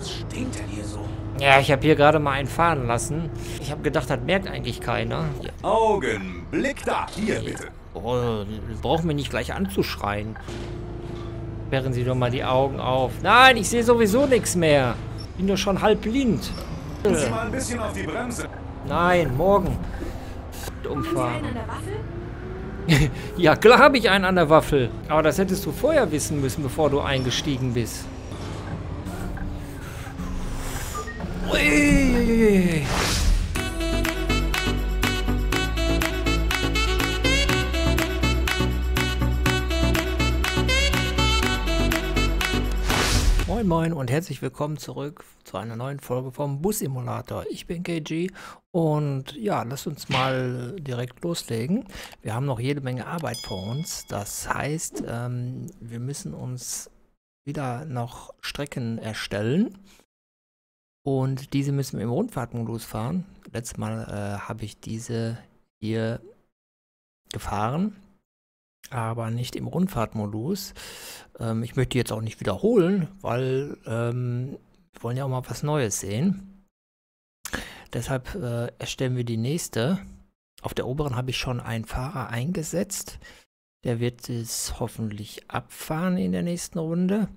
Was stinkt denn hier so? Ja, ich habe hier gerade mal einen fahren lassen. Ich habe gedacht, das merkt eigentlich keiner. Augenblick da, hier bitte. Oh, brauchen wir nicht gleich anzuschreien. Sperren Sie doch mal die Augen auf. Nein, ich sehe sowieso nichts mehr. Bin doch schon halb blind. Sie mal ein bisschen auf die Bremse. Nein, morgen. Umfahren. ja, klar habe ich einen an der Waffel. Aber das hättest du vorher wissen müssen, bevor du eingestiegen bist. Moin Moin und herzlich willkommen zurück zu einer neuen Folge vom Bus Simulator. Ich bin KG und ja, lass uns mal direkt loslegen. Wir haben noch jede Menge Arbeit vor uns. Das heißt, ähm, wir müssen uns wieder noch Strecken erstellen. Und diese müssen wir im Rundfahrtmodus fahren. Letztes Mal äh, habe ich diese hier gefahren, aber nicht im Rundfahrtmodus. Ähm, ich möchte jetzt auch nicht wiederholen, weil ähm, wir wollen ja auch mal was Neues sehen. Deshalb äh, erstellen wir die nächste. Auf der oberen habe ich schon einen Fahrer eingesetzt. Der wird es hoffentlich abfahren in der nächsten Runde.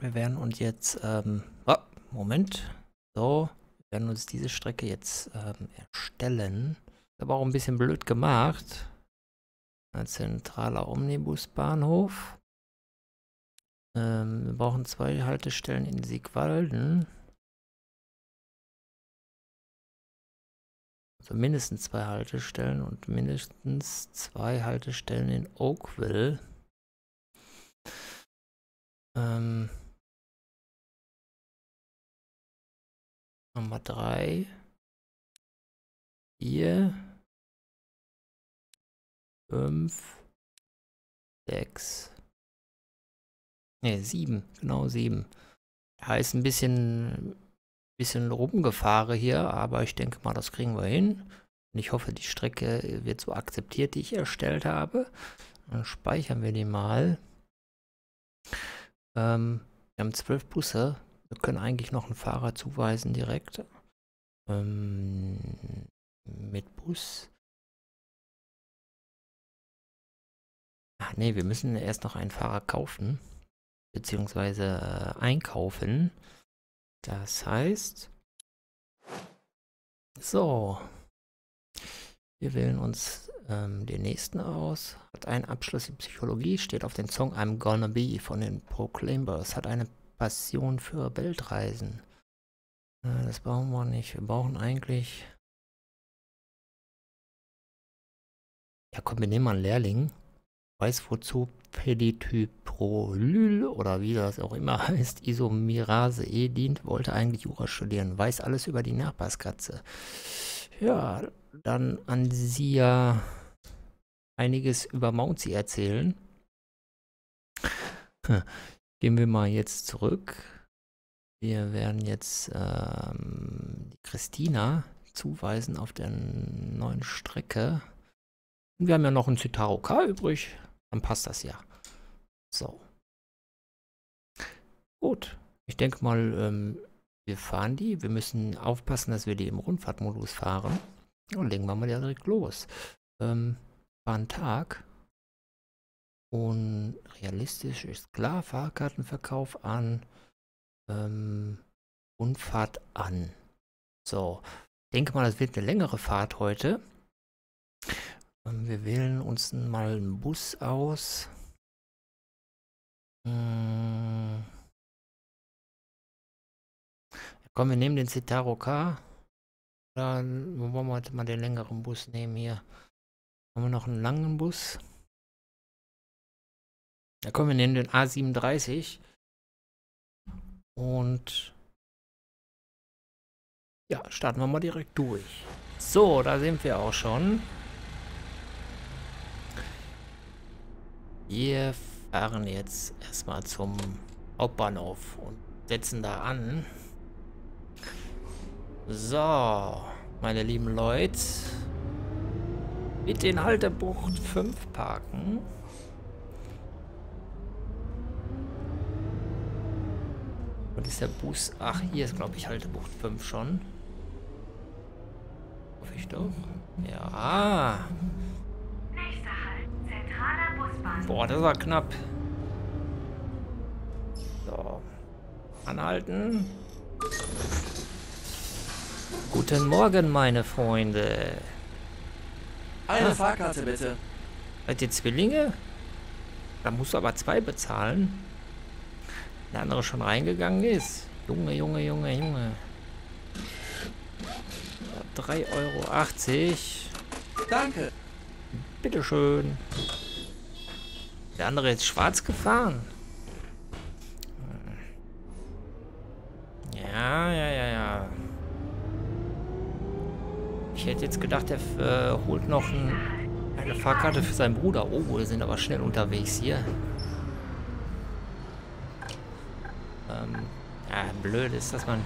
Wir werden uns jetzt... Ähm, oh, Moment. So, wir werden uns diese Strecke jetzt ähm, erstellen. Ist aber auch ein bisschen blöd gemacht. Ein zentraler Omnibusbahnhof. Ähm, wir brauchen zwei Haltestellen in Siegwalden. Also mindestens zwei Haltestellen und mindestens zwei Haltestellen in Oakville. Ähm, Nummer 3. 4. 5. 6. ne sieben, genau 7. Heißt ein bisschen, bisschen rumgefahre hier, aber ich denke mal, das kriegen wir hin. Und ich hoffe, die Strecke wird so akzeptiert, die ich erstellt habe. Dann speichern wir die mal. Ähm, wir haben zwölf Busse. Wir können eigentlich noch einen Fahrer zuweisen direkt. Ähm, mit Bus. Ach nee, wir müssen erst noch einen Fahrer kaufen. Beziehungsweise äh, einkaufen. Das heißt. So. Wir wählen uns ähm, den nächsten aus. Hat einen Abschluss in Psychologie, steht auf dem Song I'm Gonna Be von den Proclaimers. Hat eine Passion für Weltreisen. Äh, das brauchen wir nicht. Wir brauchen eigentlich... Ja komm, wir nehmen mal einen Lehrling. Weiß wozu Pedityprolyl oder wie das auch immer heißt, Isomirase E dient, wollte eigentlich Jura studieren, weiß alles über die Nachbarskatze. Ja, dann an sie ja einiges über Mountsie erzählen. Hm. Gehen wir mal jetzt zurück. Wir werden jetzt ähm, Christina zuweisen auf der neuen Strecke. Und wir haben ja noch einen Citaro K übrig. Dann passt das ja. So. Gut. Ich denke mal, ähm, wir fahren die. Wir müssen aufpassen, dass wir die im Rundfahrtmodus fahren. Und legen wir mal direkt los. Ähm, war ein Tag. Und realistisch ist klar, Fahrkartenverkauf an, ähm, Rundfahrt an. So, denke mal, das wird eine längere Fahrt heute. Ähm, wir wählen uns mal einen Bus aus. Hm. Komm, wir nehmen den Citaro K. Dann wollen wir heute mal den längeren Bus nehmen hier. Haben wir noch einen langen Bus? Da kommen wir nehmen den A37 und ja, starten wir mal direkt durch. So, da sind wir auch schon. Wir fahren jetzt erstmal zum Hauptbahnhof und setzen da an. So, meine lieben Leute. Mit den Halterbucht 5 parken. Wo ist der Bus? Ach, hier ist, glaube ich, Haltebucht 5 schon. Hoffe ich doch. Ja. Boah, das war knapp. So. Anhalten. Guten Morgen, meine Freunde. Eine ah. Fahrkarte bitte. Seid ihr Zwillinge? Da musst du aber zwei bezahlen. Der andere schon reingegangen ist. Junge, Junge, Junge, Junge. 3,80 Euro. Danke. Bitteschön. Der andere ist schwarz gefahren. Ja, ja, ja, ja. Ich hätte jetzt gedacht, er äh, holt noch ein, eine Fahrkarte für seinen Bruder. Oh, wir sind aber schnell unterwegs hier. ähm, ja, blöd ist, dass man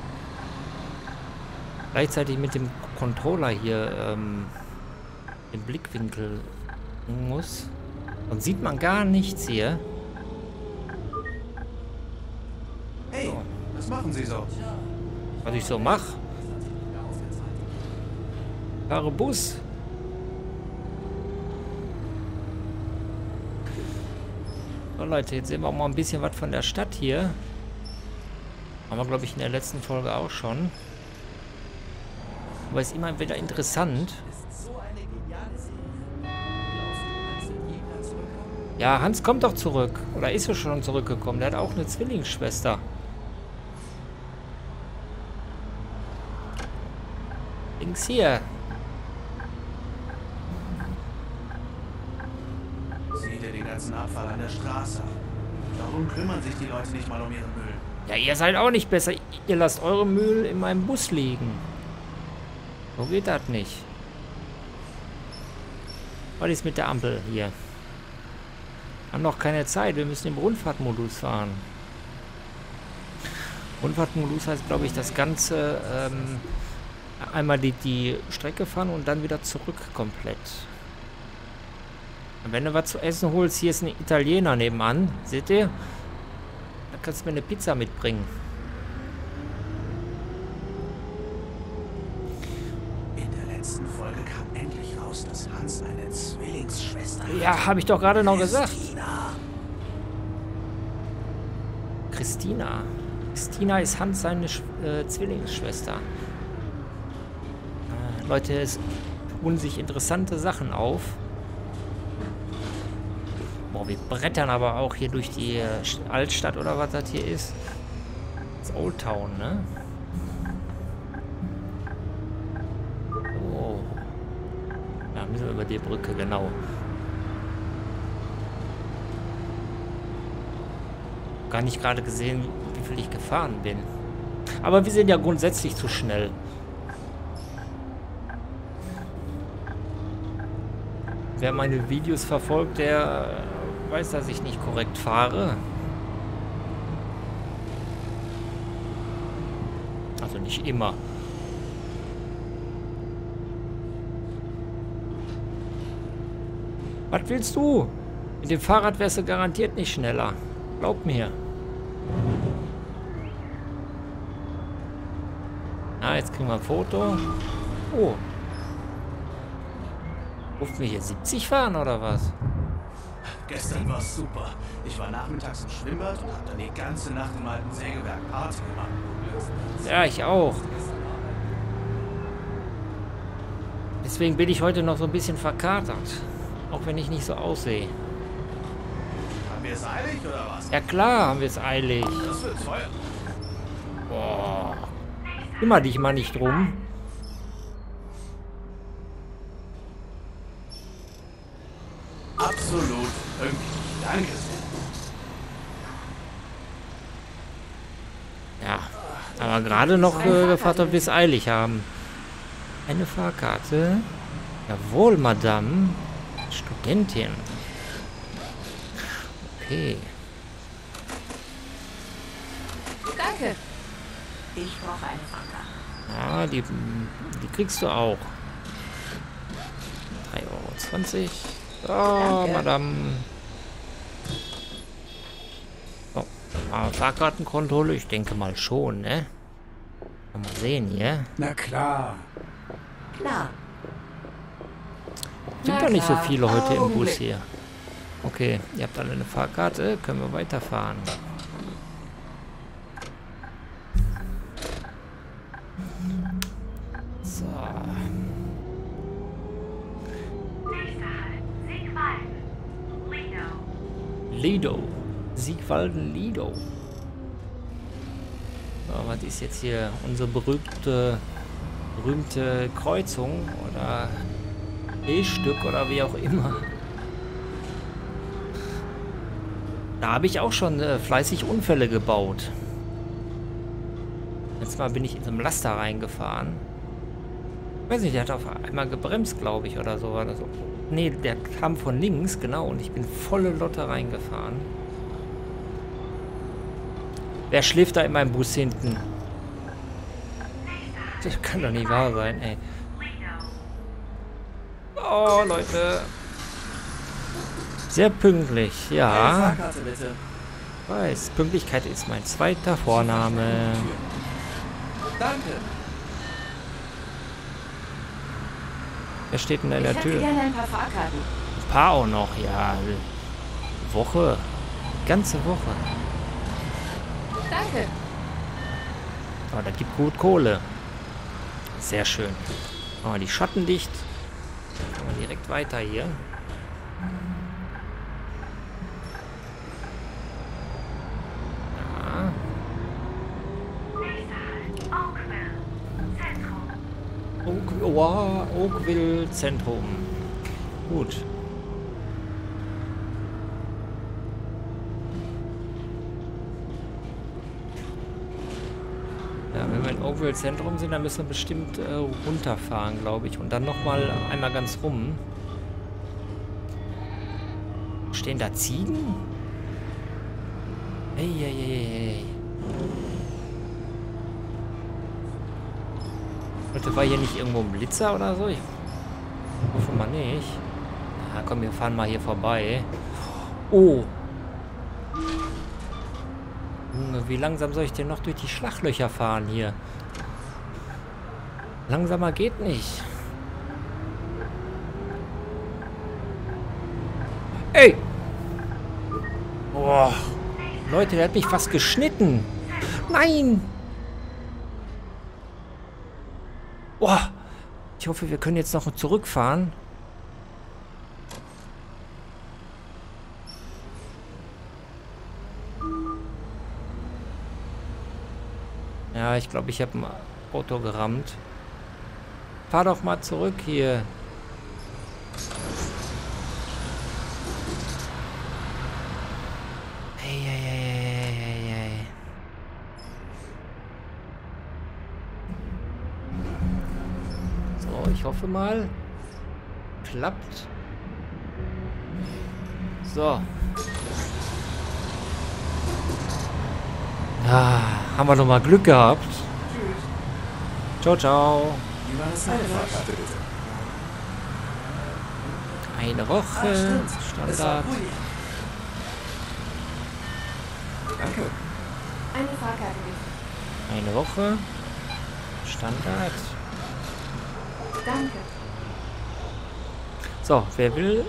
gleichzeitig mit dem Controller hier ähm, den Blickwinkel muss. Und sieht man gar nichts hier. Hey, so. was machen Sie so? Was ich so mache? Fahre Bus. So Leute, jetzt sehen wir auch mal ein bisschen was von der Stadt hier. Haben wir, glaube ich, in der letzten Folge auch schon. Aber ist immer wieder interessant. Ja, Hans kommt doch zurück. Oder ist er schon zurückgekommen? Der hat auch eine Zwillingsschwester. Links hier. Seht ihr den ganzen Abfall an der Straße? Warum kümmern sich die Leute nicht mal um ihren Müll? Ja, ihr seid auch nicht besser. Ihr lasst eure Müll in meinem Bus liegen. So geht das nicht. Was ist mit der Ampel hier? Wir Haben noch keine Zeit. Wir müssen im Rundfahrtmodus fahren. Rundfahrtmodus heißt, glaube ich, das Ganze ähm, einmal die, die Strecke fahren und dann wieder zurück komplett. Und wenn du was zu essen holst, hier ist ein Italiener nebenan. Seht ihr? kannst du mir eine Pizza mitbringen. In der letzten Folge kam endlich raus, dass Hans eine Zwillingsschwester hat. Ja, habe ich doch gerade noch gesagt. Christina. Christina ist Hans seine Sch äh, Zwillingsschwester. Äh, Leute, es tun sich interessante Sachen auf. Boah, wir brettern aber auch hier durch die äh, Altstadt oder was das hier ist. Das Old Town, ne? Oh. Da müssen wir über die Brücke, genau. Gar nicht gerade gesehen, wie viel ich gefahren bin. Aber wir sind ja grundsätzlich zu schnell. Wer meine Videos verfolgt, der äh, weiß, dass ich nicht korrekt fahre. Also nicht immer. Was willst du? Mit dem Fahrrad wärst du garantiert nicht schneller. Glaub mir. Na, jetzt kriegen wir ein Foto. Oh. Ruft mich jetzt 70 fahren oder was? Gestern war's super. Ich war nachmittags im Schwimmbad und hab dann die ganze Nacht im alten Sägewerk Party gemacht. Ja, ich auch. Deswegen bin ich heute noch so ein bisschen verkatert. Auch wenn ich nicht so aussehe. Haben wir es eilig oder was? Ja klar, haben wir es eilig. Das wird teuer. Boah. Immer dich mal nicht drum. war gerade noch äh, gefragt, ob wir es eilig haben. Eine Fahrkarte. Jawohl, Madame. Studentin. Okay. Danke. Ich brauche eine Fahrkarte. Ja, ah, die, die kriegst du auch. 3,20 Euro. Oh, Danke. Madame. So, oh, Ich denke mal schon, ne? Kann man sehen hier. Na klar. Klar. Sind doch nicht so viele heute im Bus hier. Okay, ihr habt alle eine Fahrkarte. Können wir weiterfahren. So. Halt, Lido. Siegwalden Lido was ist jetzt hier unsere berühmte, berühmte Kreuzung oder E-Stück oder wie auch immer. Da habe ich auch schon äh, fleißig Unfälle gebaut. Letztes Mal bin ich in so einem Laster reingefahren. Ich weiß nicht, der hat auf einmal gebremst, glaube ich, oder so. Oder so. Nee, der kam von links, genau, und ich bin volle Lotte reingefahren. Wer schläft da in meinem Bus hinten? Das kann doch nicht wahr sein, ey. Oh, Leute. Sehr pünktlich, ja. Weiß, Pünktlichkeit ist mein zweiter Vorname. Danke. Wer steht in deiner Tür? Ein paar, ein paar auch noch, ja. Woche. Ganze Woche. Danke. Oh, das gibt gut Kohle. Sehr schön. Oh, die Schatten dicht. Machen wir direkt weiter hier. Ja. Oak, oh, Oakville Zentrum. Gut. wo Zentrum sind, dann müssen wir bestimmt äh, runterfahren, glaube ich. Und dann nochmal einmal ganz rum. Stehen da Ziegen? Hey, hey, hey, hey. Leute, war hier nicht irgendwo ein Blitzer oder so? Ich hoffe mal nicht. Na komm, wir fahren mal hier vorbei. Oh. wie langsam soll ich denn noch durch die Schlachlöcher fahren hier? Langsamer geht nicht. Ey! Boah. Leute, der hat mich fast geschnitten. Nein! Boah. Ich hoffe, wir können jetzt noch zurückfahren. Ja, ich glaube, ich habe ein Auto gerammt. Fahr doch mal zurück hier. Hey, hey, hey, so, ich hoffe mal, klappt. So. Ah, haben wir doch mal Glück gehabt. Ciao, ciao. Eine Woche. Ah, Standard. Danke. Eine Fahrkarte bitte. Eine Woche. Standard. Danke. So, wer will?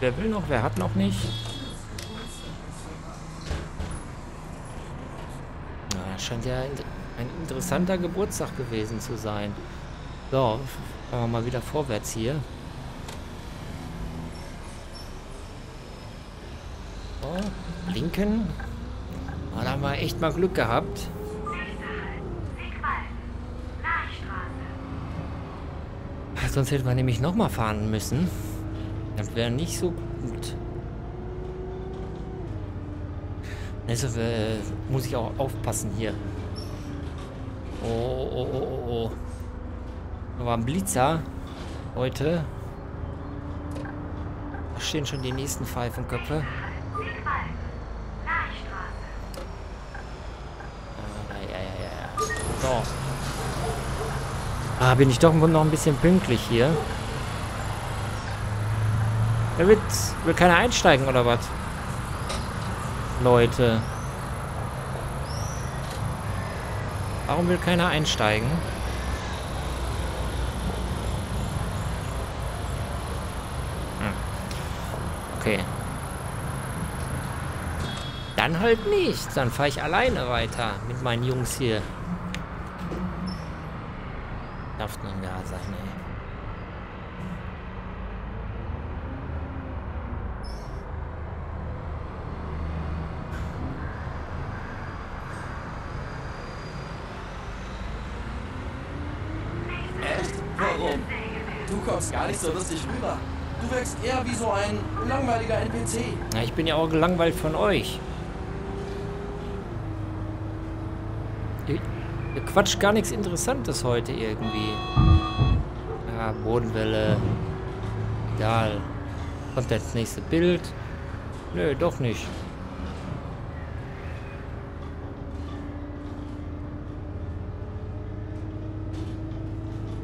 Wer will noch? Wer hat noch nicht? Na, scheint ja ein interessanter Geburtstag gewesen zu sein. So, fahren wir mal wieder vorwärts hier. So, linken. Oh, da haben wir echt mal Glück gehabt. Ah, sonst hätte man nämlich nochmal fahren müssen. Das wäre nicht so gut. Also äh, muss ich auch aufpassen hier. Oh, oh, oh, oh, oh. Aber ein Blitzer Leute. Da stehen schon die nächsten Pfeifenköpfe. Äh, so. Ah, bin ich doch noch ein bisschen pünktlich hier. Da wird, will keiner einsteigen, oder was? Leute. Warum will keiner einsteigen? Okay. Dann halt nicht. Dann fahre ich alleine weiter mit meinen Jungs hier. Darf nun da sein, ey. Warum? Du kommst gar nicht so lustig rüber. Du wirkst eher wie so ein langweiliger NPC. Na, ich bin ja auch gelangweilt von euch. Ihr, quatscht gar nichts Interessantes heute irgendwie. Ah, Bodenwelle. Egal. Kommt das nächste Bild? Nö, doch nicht.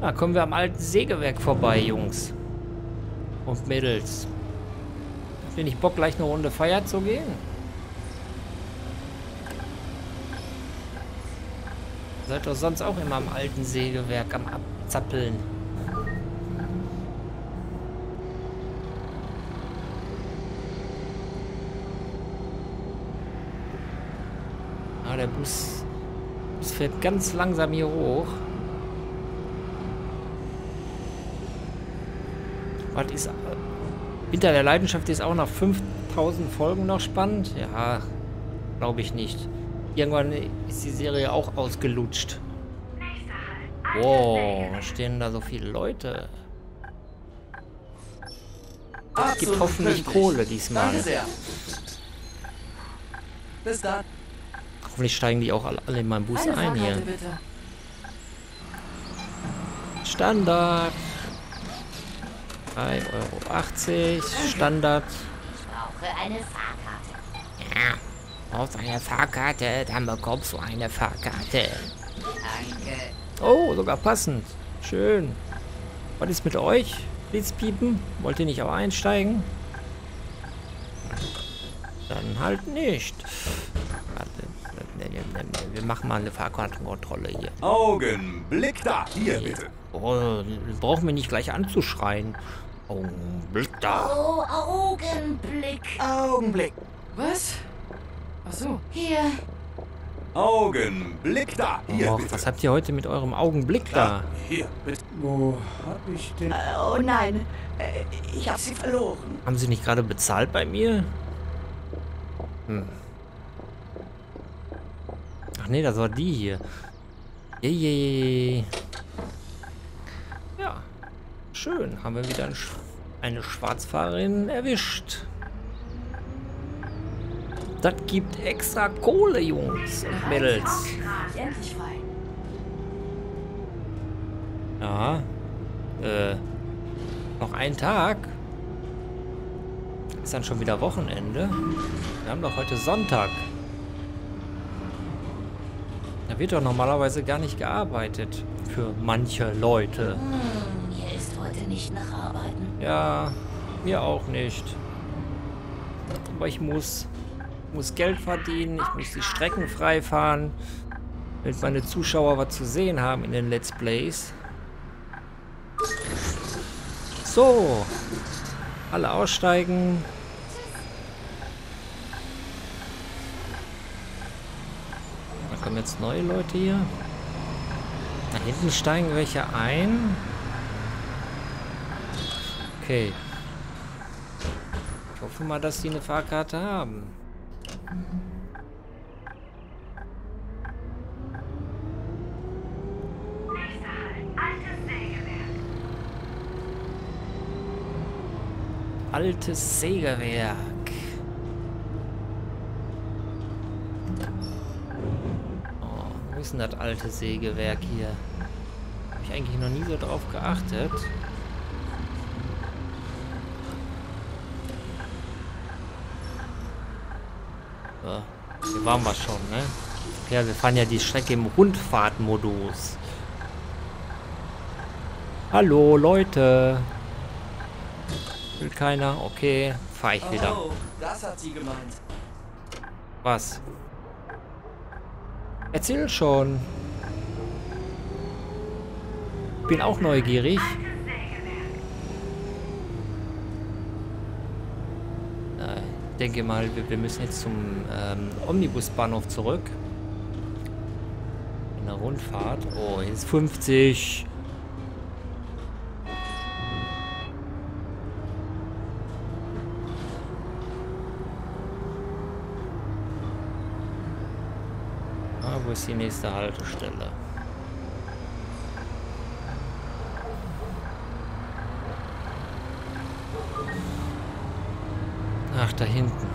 Da kommen wir am alten Sägewerk vorbei, Jungs und Mädels. Habt ihr nicht Bock, gleich eine Runde Feier zu gehen? Seid doch sonst auch immer am alten Sägewerk am Abzappeln. Ah, der Bus, Bus fährt ganz langsam hier hoch. Was ist... Äh, Hinter der Leidenschaft ist auch nach 5000 Folgen noch spannend? Ja, glaube ich nicht. Irgendwann ist die Serie auch ausgelutscht. Wow, stehen da so viele Leute? Es gibt hoffentlich Kohle diesmal. Bis dann. Hoffentlich steigen die auch alle in meinen Bus ein hier. Standard. 3,80 Euro. Standard. Ich brauche eine Fahrkarte. Ja, brauchst eine Fahrkarte, dann bekommst du eine Fahrkarte. Danke. Oh, sogar passend. Schön. Was ist mit euch? Blitzpiepen? Wollt ihr nicht auch einsteigen? Dann halt nicht. Ne, ne, ne, wir machen mal eine Fahrkartenkontrolle hier. Augenblick da. Hier bitte. Oh, brauchen wir nicht gleich anzuschreien. Augenblick da. Oh, Augenblick. Augenblick. Was? Ach so. Hier. Augenblick da. Hier, Och, was habt ihr heute mit eurem Augenblick da? Hier, bitte. Wo hab ich denn... Äh, oh nein, äh, ich hab sie verloren. Haben sie nicht gerade bezahlt bei mir? Hm. Ach nee, das war die hier. Jejeje. Yeah, yeah, yeah. Schön, haben wir wieder ein Sch eine Schwarzfahrerin erwischt. Das gibt extra Kohle, Jungs und Mädels. Ja. Äh. Noch ein Tag. Ist dann schon wieder Wochenende. Wir haben doch heute Sonntag. Da wird doch normalerweise gar nicht gearbeitet. Für manche Leute. Hm nicht nach Arbeiten. Ja, mir auch nicht. Aber ich muss, muss Geld verdienen, ich muss die Strecken freifahren, damit meine Zuschauer was zu sehen haben in den Let's Plays. So, alle aussteigen. Da kommen jetzt neue Leute hier. Da hinten steigen welche ein. Okay. Ich hoffe mal, dass die eine Fahrkarte haben. Altes Sägewerk. Oh, wo ist denn das alte Sägewerk hier? Habe ich eigentlich noch nie so drauf geachtet. waren wir schon, ne? Ja, wir fahren ja die Strecke im Rundfahrtmodus. Hallo, Leute. Will keiner? Okay, fahre ich wieder. Oh, das hat sie gemeint. Was? Erzähl schon. Bin auch neugierig. denke mal, wir, wir müssen jetzt zum ähm, Omnibusbahnhof zurück. In der Rundfahrt. Oh, hier ist 50. Ah, wo ist die nächste Haltestelle? da hinten.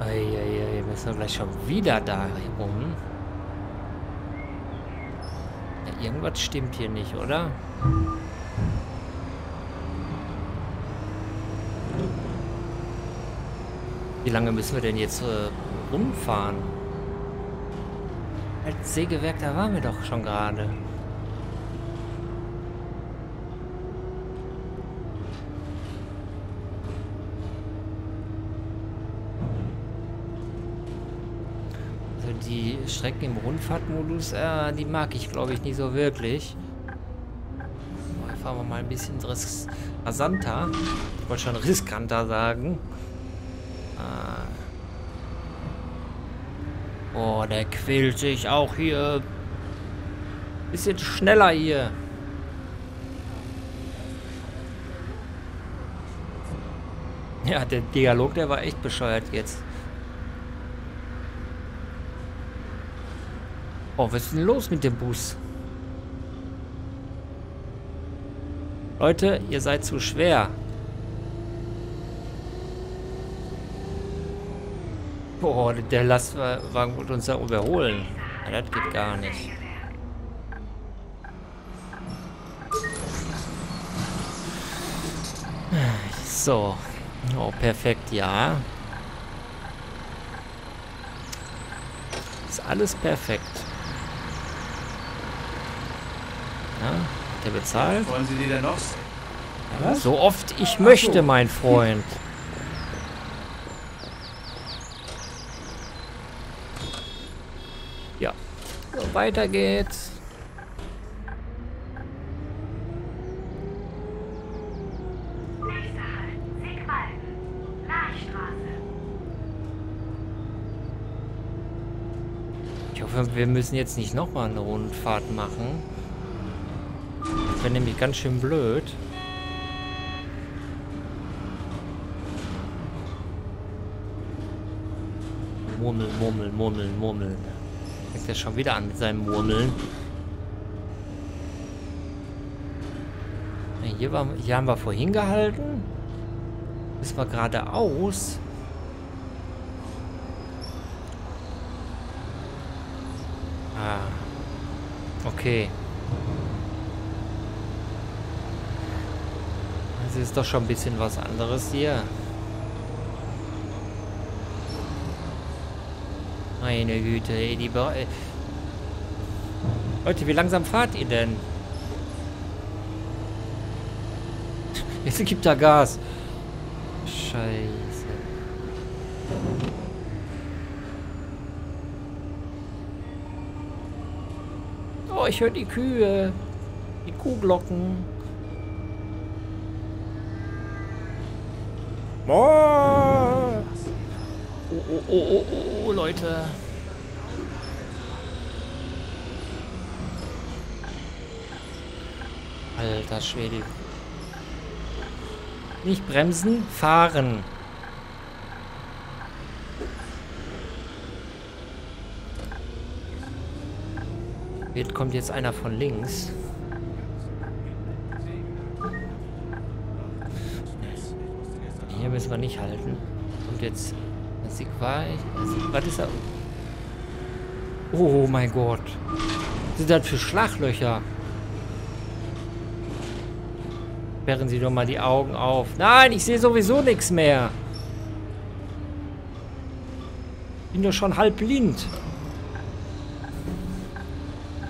Eieiei, wir sind gleich schon wieder da rum. Ja, irgendwas stimmt hier nicht, oder? Wie lange müssen wir denn jetzt äh, rumfahren? Als Sägewerk, da waren wir doch schon gerade. Also die Strecken im Rundfahrtmodus, äh, die mag ich, glaube ich, nicht so wirklich. So, fahren wir mal ein bisschen rasanter. Ich wollte schon riskanter sagen. Äh. Oh, der quält sich auch hier. Bisschen schneller hier. Ja, der Dialog, der war echt bescheuert jetzt. Boah, was ist denn los mit dem Bus? Leute, ihr seid zu schwer. Boah, der Lastwagen wird uns da überholen. Ja, das geht gar nicht. So. Oh, perfekt, ja. Ist alles perfekt. Ja, hat er bezahlt? Wollen Sie die denn noch? Ja, so oft ich Ach möchte, so. mein Freund. Ja. So, weiter geht's. Halt. Ich hoffe, wir müssen jetzt nicht nochmal eine Rundfahrt machen wäre nämlich ganz schön blöd. Murmel, murmel, murmel, murmel. Fängt er schon wieder an mit seinem Murmeln. Ja, hier, war, hier haben wir vorhin gehalten. Das wir geradeaus. Ah. Okay. Das ist doch schon ein bisschen was anderes hier. Meine Güte, ey, die Be äh. Leute, wie langsam fahrt ihr denn? Jetzt gibt da Gas. Scheiße. Oh, ich höre die Kühe. Die Kuhglocken. Mord! Oh, oh, oh, oh, oh, Leute. Alter Schwede. Nicht bremsen, fahren. Wird kommt jetzt einer von links. müssen wir nicht halten. Und jetzt Sigwai. Also, was ist da? Oh mein Gott. Was sind das für Schlaglöcher? Sperren Sie doch mal die Augen auf. Nein, ich sehe sowieso nichts mehr. Bin doch schon halb blind.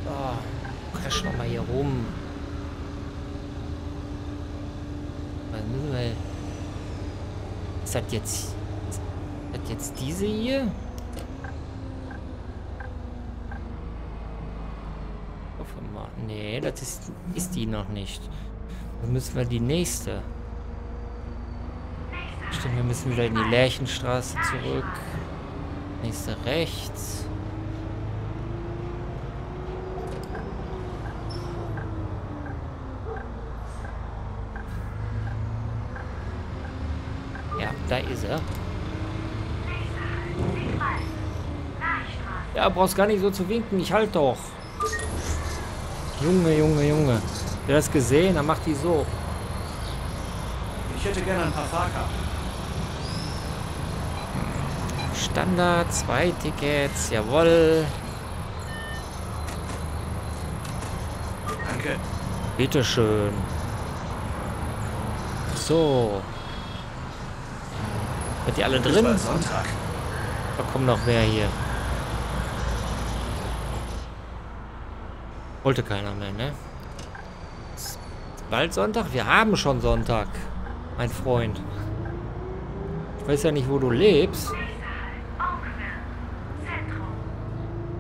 Oh, crash nochmal hier rum. Ist das jetzt... Ist das jetzt diese hier? Nee, das ist, ist die noch nicht. Dann müssen wir die nächste. Stimmt, wir müssen wieder in die Lärchenstraße zurück. Nächste rechts. oder? Ja, brauchst gar nicht so zu winken. Ich halt doch. Junge, Junge, Junge. Wer das gesehen, dann macht die so. Ich hätte gerne ein paar Fahrkarten. Standard, zwei Tickets, jawoll. Danke. Bitteschön. So. Sind die alle drin? Da kommen noch mehr hier. Wollte keiner mehr, ne? Ist bald Sonntag? Wir haben schon Sonntag. Mein Freund. Ich weiß ja nicht, wo du lebst.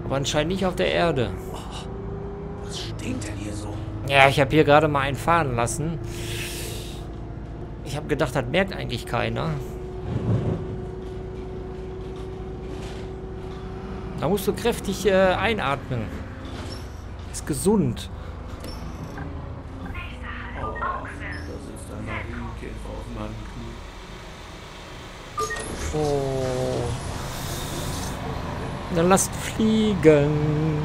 Aber anscheinend nicht auf der Erde. Oh, was stinkt denn hier so? Ja, ich habe hier gerade mal einen fahren lassen. Ich habe gedacht, das merkt eigentlich keiner. Da musst du kräftig äh, einatmen. Ist gesund. Oh. Dann lasst fliegen.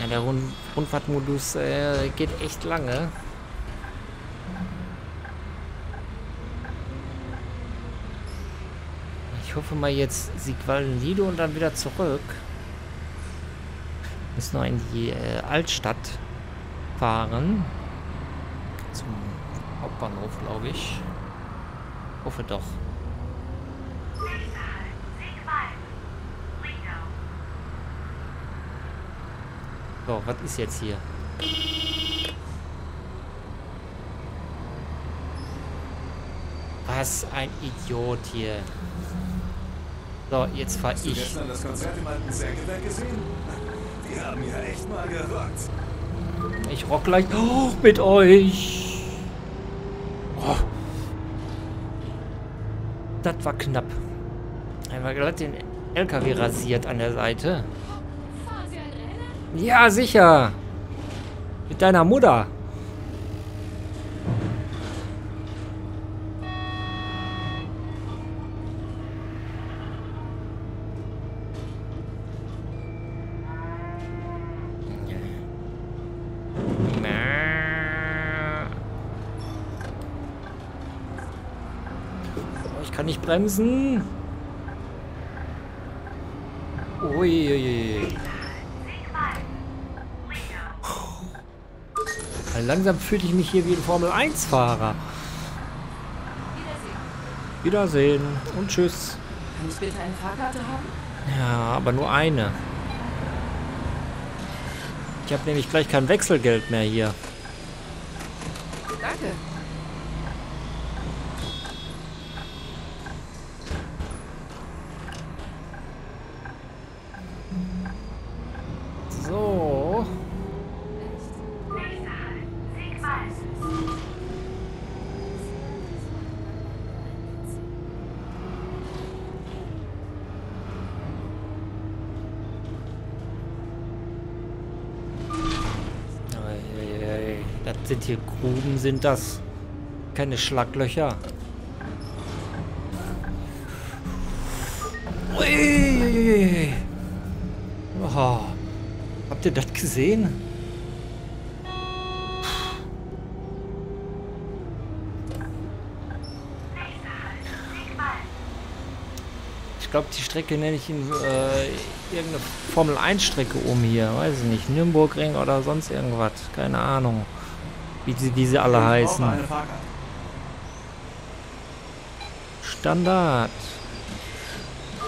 Ja, der Rund Rundfahrtmodus äh, geht echt lange. Ich hoffe mal, jetzt siegt Valenido und dann wieder zurück. Müssen noch in die äh, Altstadt fahren. Zum Hauptbahnhof, glaube ich. Hoffe doch. So, was ist jetzt hier? Was ein Idiot hier. So, jetzt fahr Hast ich. du das Konzert im alten Sägewerk gesehen? Die haben ja echt mal gerockt. Ich rock gleich oh, mit euch. Oh. Das war knapp. Einmal gerade den LKW rasiert an der Seite. Ja, sicher. Mit deiner Mutter. bremsen. Uiuiui. Langsam fühle ich mich hier wie ein Formel-1-Fahrer. Wiedersehen. Wiedersehen und tschüss. Kann ich bitte eine Fahrkarte haben? Ja, aber nur eine. Ich habe nämlich gleich kein Wechselgeld mehr hier. Danke. Sind hier Gruben? Sind das keine Schlaglöcher? Uiuiui. Oh. Habt ihr das gesehen? Ich glaube, die Strecke nenne ich ihn äh, irgendeine Formel-1-Strecke um hier. Weiß ich nicht. Nürnbergring oder sonst irgendwas. Keine Ahnung. Wie sie, wie sie alle heißen. Standard.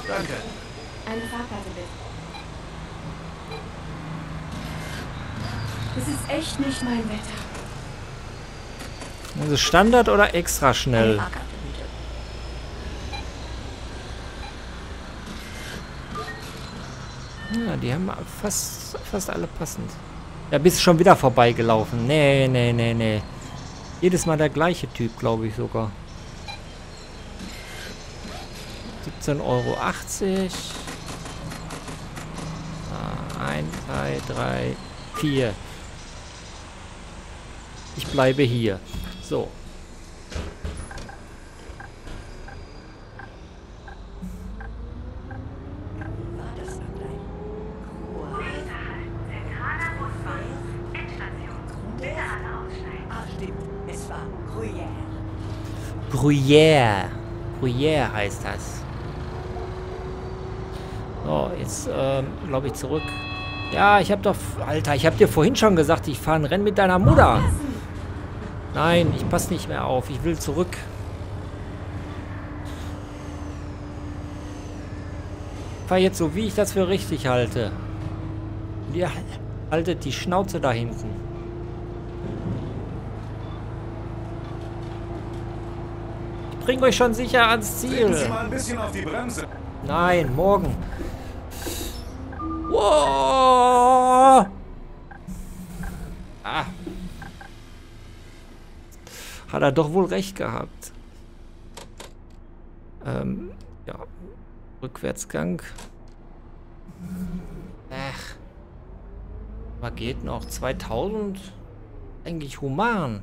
Danke. Eine Fahrkarte bitte. Das ist echt nicht mein Wetter. Also Standard oder extra schnell? Ja, die haben fast, fast alle passend. Da bist du schon wieder vorbeigelaufen. Nee, nee, nee, nee. Jedes Mal der gleiche Typ, glaube ich sogar. 17,80 Euro. 1, 2, 3, 4. Ich bleibe hier. So. Gruyère. Gruyère heißt das. So, jetzt, ähm, glaube ich, zurück. Ja, ich habe doch... Alter, ich habe dir vorhin schon gesagt, ich fahre ein Rennen mit deiner Mutter. Nein, ich passe nicht mehr auf. Ich will zurück. Fahr jetzt so, wie ich das für richtig halte. Ihr haltet die Schnauze da hinten. bringe euch schon sicher ans Ziel. Nein, morgen. Wow. Ah. Hat er doch wohl recht gehabt. Ähm, ja. Rückwärtsgang. Ach. Man geht noch 2000. Eigentlich human.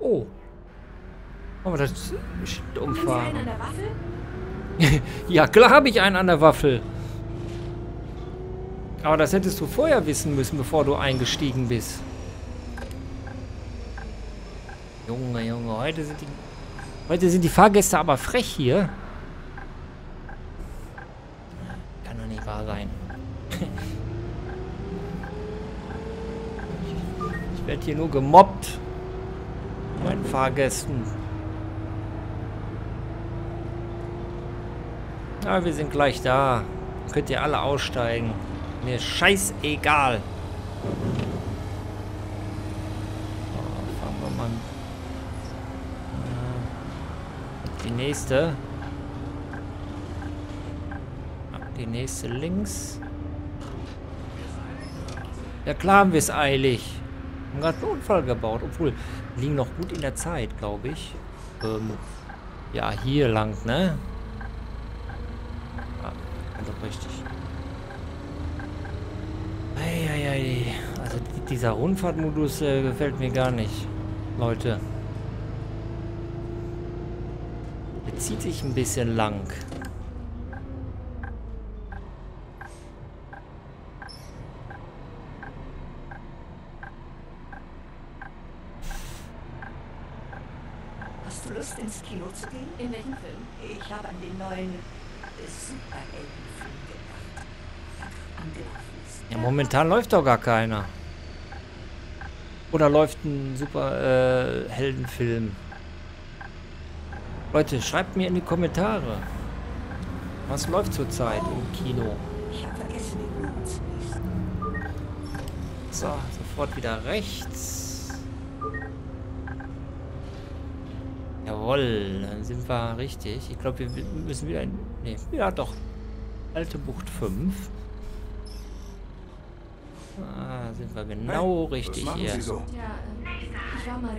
Oh. Aber oh, das ist nicht umfahren. Haben Sie einen an der Waffel? ja, klar habe ich einen an der Waffel. Aber das hättest du vorher wissen müssen, bevor du eingestiegen bist. Junge, Junge, heute sind die, heute sind die Fahrgäste aber frech hier. Kann doch nicht wahr sein. ich werde hier nur gemobbt meinen Fahrgästen. Na, wir sind gleich da. Könnt ihr alle aussteigen. Mir scheißegal. Oh, fangen wir mal Die nächste. Die nächste links. Ja klar haben wir es eilig. Haben gerade einen Unfall gebaut, obwohl liegen noch gut in der Zeit, glaube ich. Ähm, ja, hier lang, ne? Ah, doch also richtig. Eieiei. Also dieser Rundfahrtmodus äh, gefällt mir gar nicht, Leute. Der zieht sich ein bisschen lang. gesehen? In welchem Film? Ich habe an den neuen äh, Superheldenfilm gedacht. Ja, momentan läuft doch gar keiner. Oder läuft ein Superheldenfilm? Äh, Leute, schreibt mir in die Kommentare. Was läuft zurzeit im Kino? Ich habe vergessen, den Namen zu lesen. So, sofort wieder rechts. Jawohl, dann sind wir richtig. Ich glaube, wir müssen wieder in... Nee, ja doch. Alte Bucht 5. Ah, sind wir genau hey, richtig hier. So? Ja, ähm, ich mal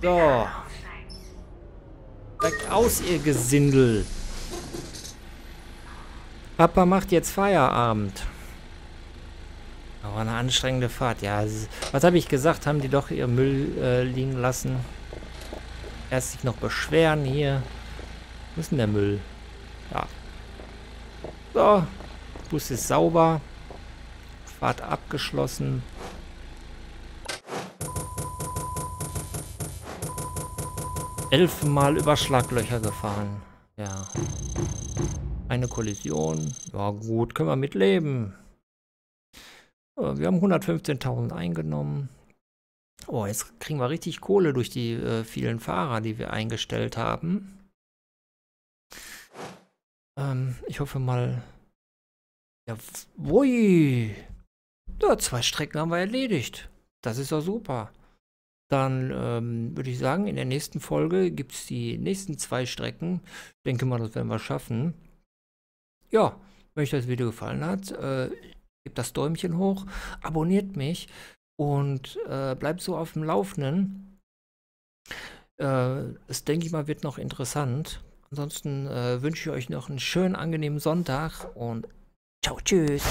da. So. aus, ihr Gesindel. Papa macht jetzt Feierabend war eine anstrengende Fahrt. Ja, was habe ich gesagt? Haben die doch ihr Müll äh, liegen lassen? Erst sich noch beschweren hier. Wo ist denn der Müll? Ja. So. Bus ist sauber. Fahrt abgeschlossen. Elfmal über Schlaglöcher gefahren. Ja. Eine Kollision. Ja gut, können wir mitleben. Wir haben 115.000 eingenommen. Oh, jetzt kriegen wir richtig Kohle durch die äh, vielen Fahrer, die wir eingestellt haben. Ähm, ich hoffe mal... Ja, ui. Ja, zwei Strecken haben wir erledigt. Das ist ja super. Dann ähm, würde ich sagen, in der nächsten Folge gibt es die nächsten zwei Strecken. Ich denke mal, das werden wir schaffen. Ja, wenn euch das Video gefallen hat, äh, gebt das Däumchen hoch, abonniert mich und äh, bleibt so auf dem Laufenden. Äh, denke ich mal wird noch interessant. Ansonsten äh, wünsche ich euch noch einen schönen, angenehmen Sonntag und ciao, tschüss.